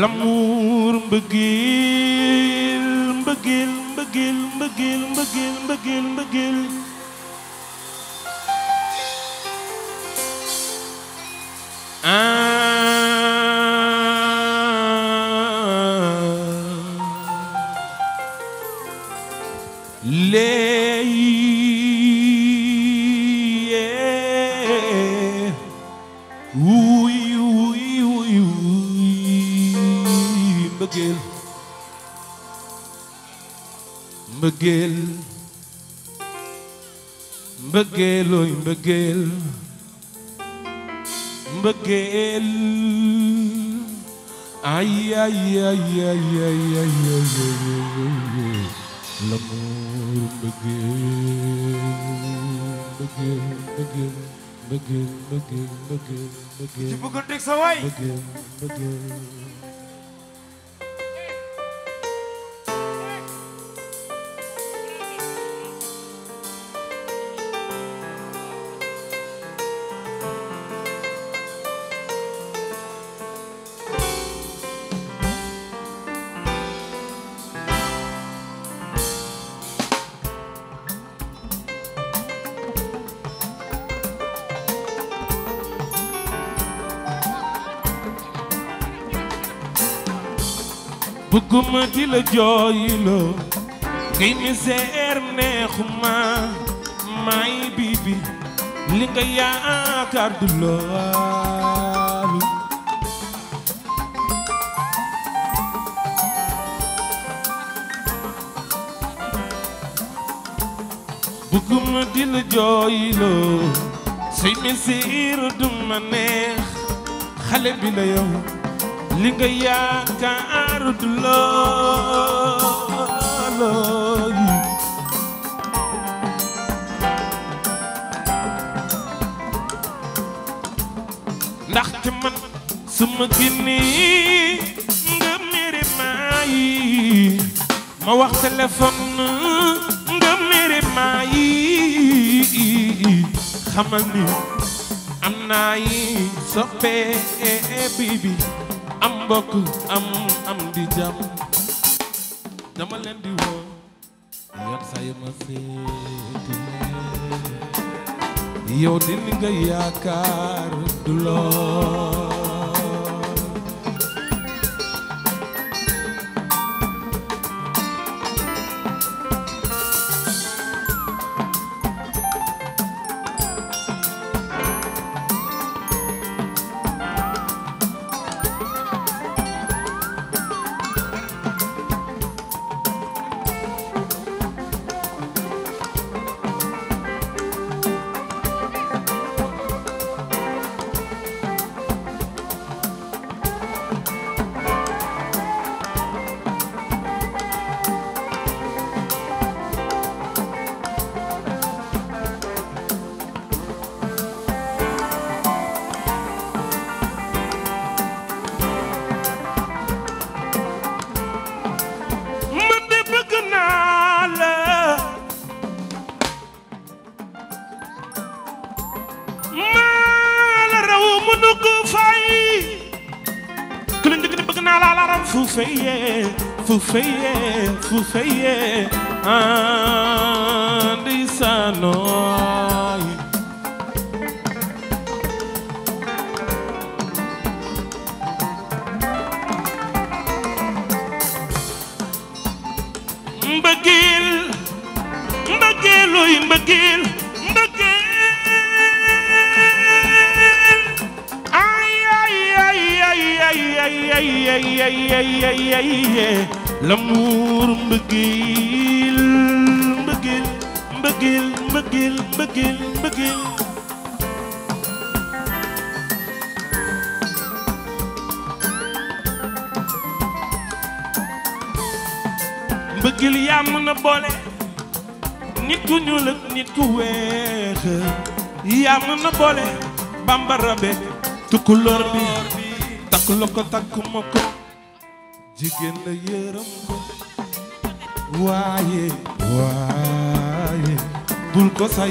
l'amour mbëggeel mbëggeel mbëggeel mbëggeel mbëggeel mbëggeel mbëggeel ah les begel oi begel begel ay ay ay ay ay ay ay ay ay ay l'amour mbëggeel mbëggeel mbëggeel mbëggeel mbëggeel mbëggeel mbëggeel mbëggeel mbëggeel bëgguma di la jooyloo ngay misère neexuma may bibi li nga yaakaar du loolu bëgguma di la jooyloo say misère du ma neex xale bi la yow li nga yaakaar du lool ndax ci man su ma génnee nga mere ma wax téléphone nga mere maa xamal ni am naa yi soppee bibi mbokk am am di jàmm dama leen di woo yoon saa ma seeti yow di li nga yaakaar du Fufeye, Fufeye, Fufeye, and Isanoi. Mbagil, Mbagilu, Mbagil, l'amour mbëggeel mbëggeel mbëggeel mbëggeel mbëggeel mbëggeel mbëggeel yaa mën a boole nit ku ñuul ak nit ku weex yaa mën a boole bambara be tukulóor bi takk la ko takk ma jigéen la yërëm waaye waaye bul ko say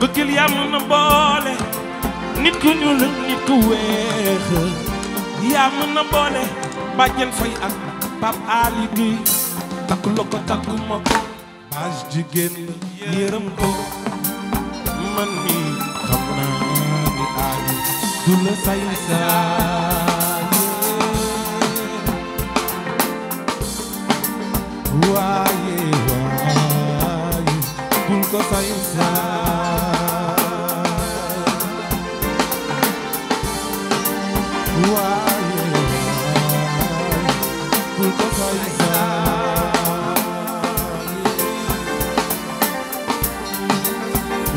bëggil yaa mën na boole nit ku ñuul nit ku weex yaa mën na boole bàjjen fay ak Pape Ali takk la ko takk ma ko baas jigéen yërëm ko man mi xam naa ni du la say saaye waaye waaye bul ko say saaye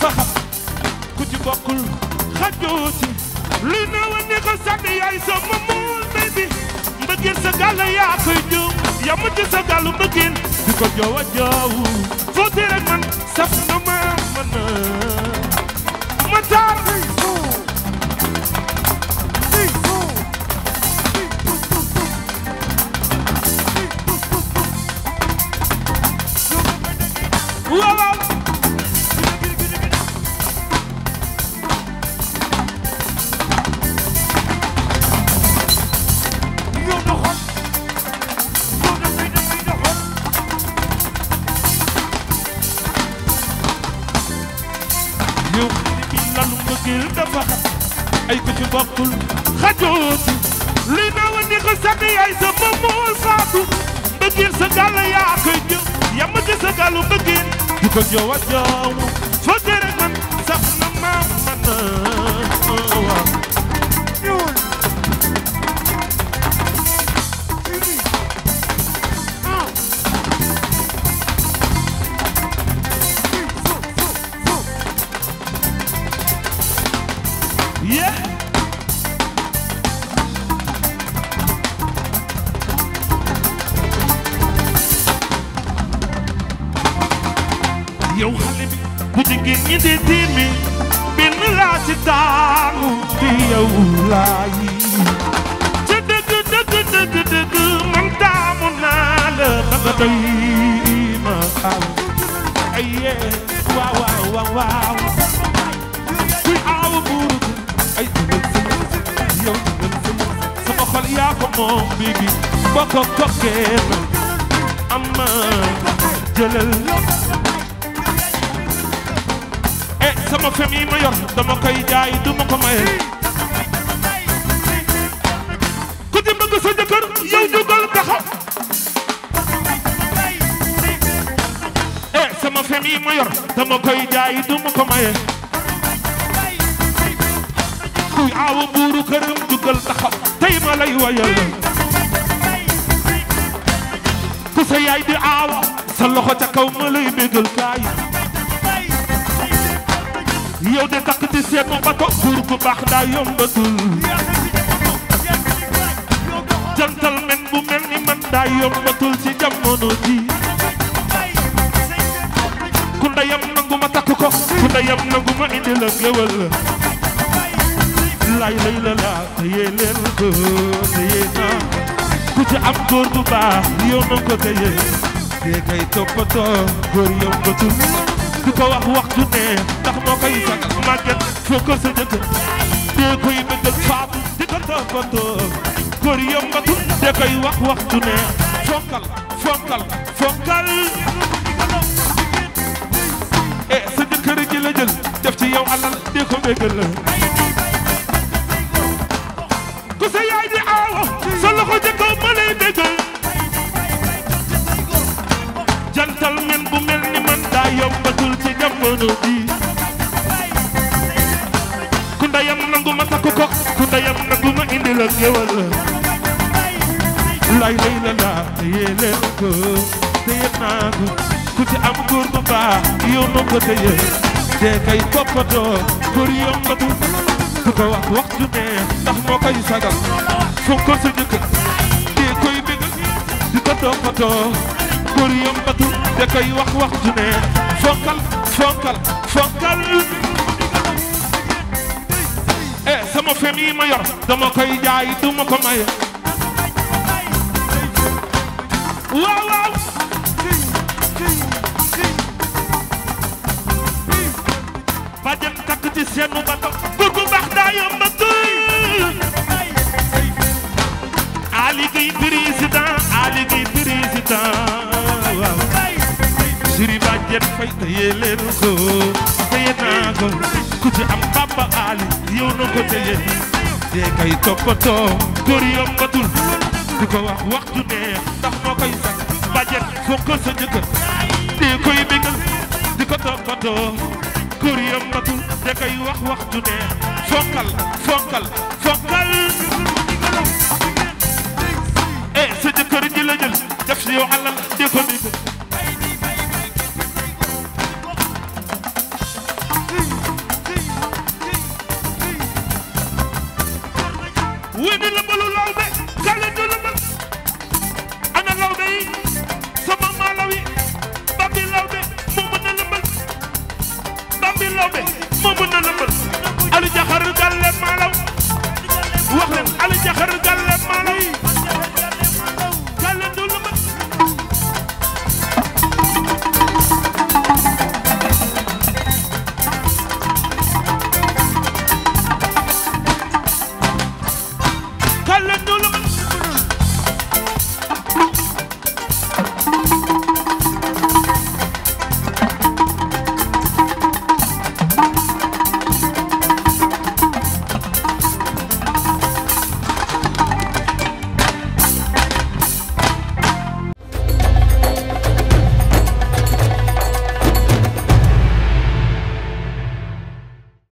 dafa xam ku ci bokkul xajoo ci luy neewa ni ko sànni yaay sama muul may bi mbëggeel sa gàll yaa koy jëw yamu ci sa gàllu mbëggeel di ko joowa joowu foo rek man saf na ma ay ku ci bokkul xajoo si luy naa wandi ko sànq yaay sa moomool faatu mbëggeel sa yaa koy ñëw yàmm ci sa di ko joow a joow soo tere man sax na maam ngi ñi di tiimi bind laa ci daanu di yow laay ci dëgg dëgg dëgg dëgg man taamu naa la nga doy ma xaal aye waaw waaw waaw waaw kuy aaw buuru ay dugal sama yow dugal sama sama xol yaa ko moom biigi boo ko kokkee am ma jëlal sama femi ma yor dama koy jaay du ma ko maye ku ci bëgg sa jëkkër yow jugal taxaw eh sama femi ma yor dama koy jaay du ma ko maye kuy aawu buuru këram jugal taxaw tay ma lay wayal ku sa yaay di aawa sa loxo ca kaw ma lay bëggal kaay yow de takk te seetlu ba ko buur bu baax daa yombatul jantal men bu mel ni man daa yombatul ci jamono ji ku ndeyam nangu ma takk ko ku ndeyam nangu ma indi la lay lay la la téye ko téye naa ku ci am góor bu baax yow na ko téye dee kay toppatoo góor yombatul di ko wax waxtu ne ndax moo koy sagal màgget foo ko sa jëkkër dee koy bëggal faatu di ko toppatoo góor yombatu dee koy wax waxtu ne fonkal fonkal fonkal e sa jëkkër ji la jël def ci yow alal dee ko la jamono ku ndayam nangu ma takk ko ku ndayam nangu ma indi la géwël lay la la leen ko téye naa ku ci am góor bu baax yow noo ko téye te kay toppatoo pour yombatu ku ko wax wax ju ne ndax moo koy sagal fonkol sa jëkk te koy bëgg di ko toppatoo pour yombatu te kay wax wax ju ne fonkal fonkal fonkal eh sama fem yi dama koy jaay duma ko may waaw waaw ci seenu bato góor bu baax daa yomb a tëy Ali Gueye président Ali Gueye président sëriñ bàjjen fay téye leen ko téye naa ko ku ci am Papa Ali yow noo ko téye te kay toppatoo góor yombatul du ko wax waxtu neex ndax moo koy sax bàjjen fonko sa jëkkër te koy bégal di ko toppatoo góor yombatul te kay wax waxtu neex fonkal fonkal fonkal eh sa jëkkër ji si yow alal di ko Laobé moo mën na lëmbal Aliou Diakhar Galle Malaw wax leen Aliou